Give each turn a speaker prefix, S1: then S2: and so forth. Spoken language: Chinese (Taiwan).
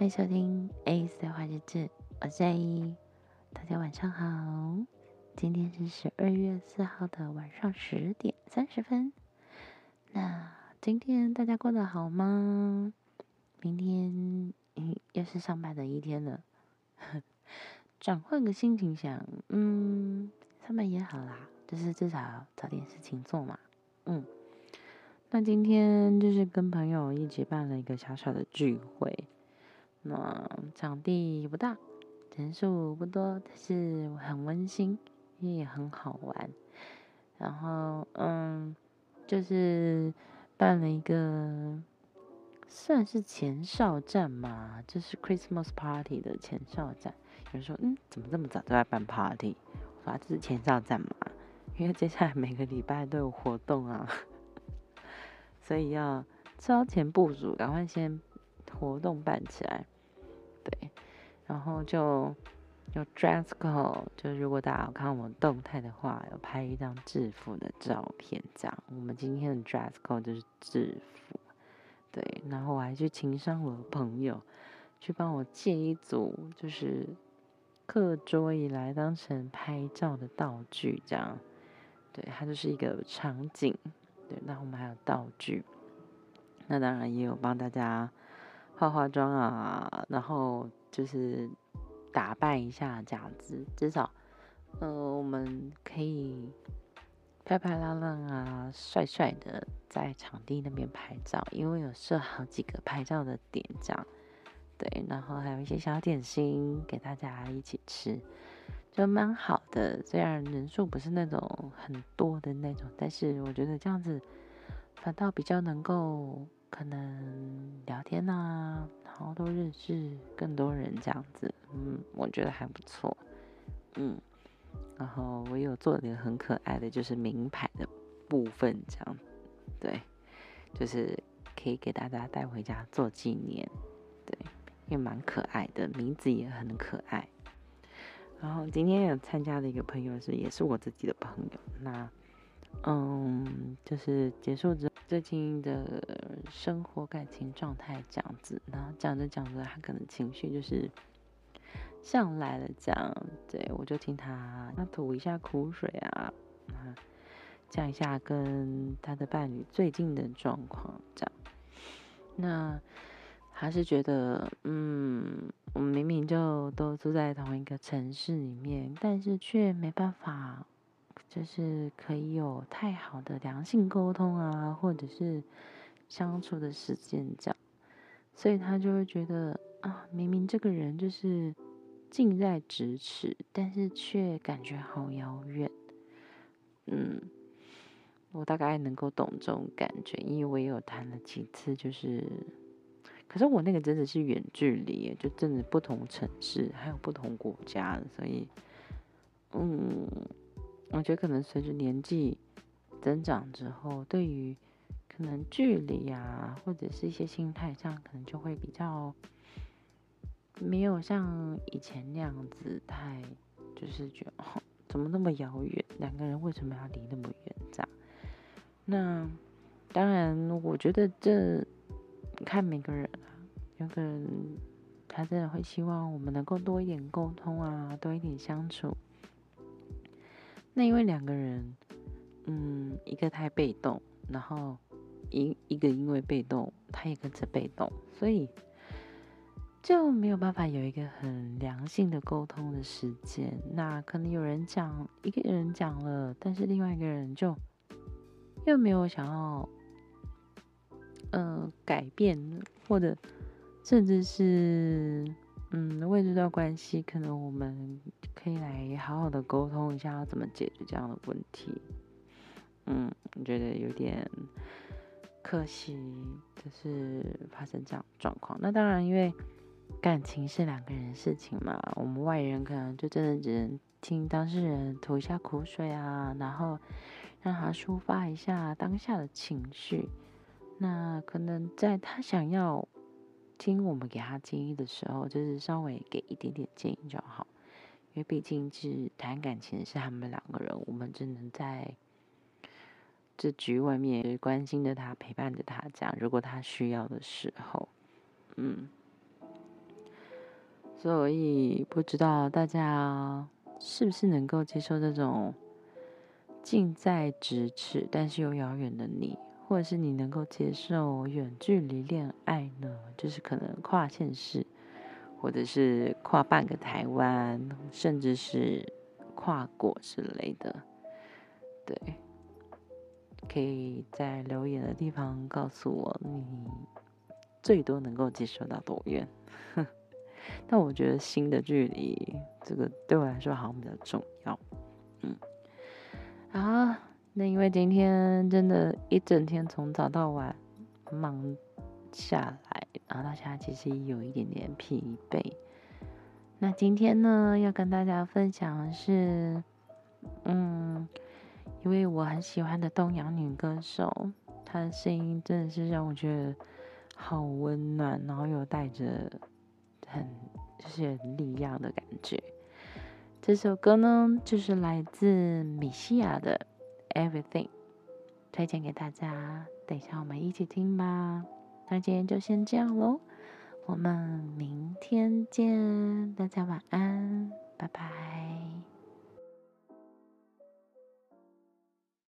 S1: 歡迎收聽《A 的花日誌》，我是 A，大家晚上好。今天是十二月四號的晚上十點三十分。那今天大家過得好嗎？明天，嗯，又是上班的一天了。呵，轉換個心情想，嗯，上班也好啦，就是至少找點事情做嘛。嗯，那今天就是跟朋友一起辦了一個小小的聚會。那場地不大，人數不多，但是很溫馨，也很好玩。然後，嗯，就是辦了一個算是前哨戰嘛，就是 Christmas party 的前哨戰。有人說，嗯，怎麼這麼早就在辦 party？我說這是前哨戰嘛，因為接下來每個禮拜都有活動啊，所以要超前部署，趕快先活動辦起來。對，然後就有 dress code，就如果大家有看我們動態的話，有拍一張制服的照片，這樣我們今天的 dress code 就是制服。對，然後我還去情商我的朋友，去幫我借一組，就是課桌椅來當成拍照的道具，這樣，對，它就是一個場景。對，那我們還有道具，那當然也有幫大家。化化妝啊，然後就是打扮一下這樣子，至少，呃，我們可以漂漂亮亮啊，帥帥的在場地那邊拍照，因為有設好幾個拍照的點，這樣，對，然後還有一些小點心給大家一起吃，就蠻好的。雖然人數不是那種很多的那種，但是我覺得這樣子反倒比較能夠可能。都認識更多人這樣子，嗯，我覺得還不錯，嗯，然後我有做了一個很可愛的，就是名牌的部分這樣，對，就是可以給大家帶回家做紀念，對，因為蠻可愛的，名字也很可愛。然後今天有參加的一個朋友是，也是我自己的朋友，那。嗯，就是結束之後最近的生活感情狀態這樣子。然後講着講着，他可能情緒就是上來了這樣。對，我就聽他他吐一下苦水啊，啊，講一下跟他的伴侶最近的狀況這樣。那還是覺得，嗯，我們明明就都住在同一個城市裡面，但是卻沒辦法。就是可以有太好的良性溝通啊，或者是相處的時間這樣，所以他就會覺得啊，明明這個人就是近在咫尺，但是卻感覺好遙遠。嗯，我大概能夠懂這種感覺，因為我也有談了幾次，就是可是我那個真的是遠距離，就真的不同城市，還有不同國家，所以嗯。我覺得可能隨着年紀增長之後，對於可能距離啊，或者是一些心態上，可能就會比較沒有像以前那樣子太，就是覺得哦，怎麼那麼遙遠？兩個人為什麼要離那麼遠？這樣？那當然，我覺得這看每個人啊，有可能他真的會希望我們能夠多一點溝通啊，多一點相處。那因為兩個人，嗯，一個太被動，然後一一個因為被動，他也跟着被動，所以就沒有辦法有一個很良性的溝通的時間。那可能有人講，一個人講了，但是另外一個人就又沒有想要，嗯、呃，改變，或者甚至是嗯，為這段關係，可能我們。可以來好好的溝通一下，要怎麼解決這樣的問題？嗯，我覺得有點可惜，就是發生這樣的狀況。那當然，因為感情是兩個人的事情嘛，我們外人可能就真的只能聽當事人吐一下苦水啊，然後讓他抒發一下當下的情緒。那可能在他想要聽我們給他建議的時候，就是稍微給一點點建議就好。因為畢竟，是談感情是他們兩個人，我們只能在這局外面關心着他，陪伴着他，這樣。如果他需要的時候，嗯，所以不知道大家是不是能夠接受這種近在咫尺但是又遙遠的你，或者是你能夠接受遠距離戀愛呢？就是可能跨縣市，或者是跨半個台灣，甚至是跨國之類的，對，可以在留言的地方告訴我你最多能夠接受到多遠。哼，但我覺得心的距離，這個對我來說好像比較重要。嗯，啊，那因為今天真的一整天從早到晚忙下來。然後大家其實有一點點疲憊。那今天呢，要跟大家分享的是，嗯，一位我很喜歡的東洋女歌手，她的聲音真的是讓我覺得好溫暖，然後又帶着很就是力量的感覺。這首歌呢，就是來自米西亞的《Everything》，推薦給大家。等一下我們一起聽吧。那今天就先這樣嘍，我們明天見，大家晚安，拜拜。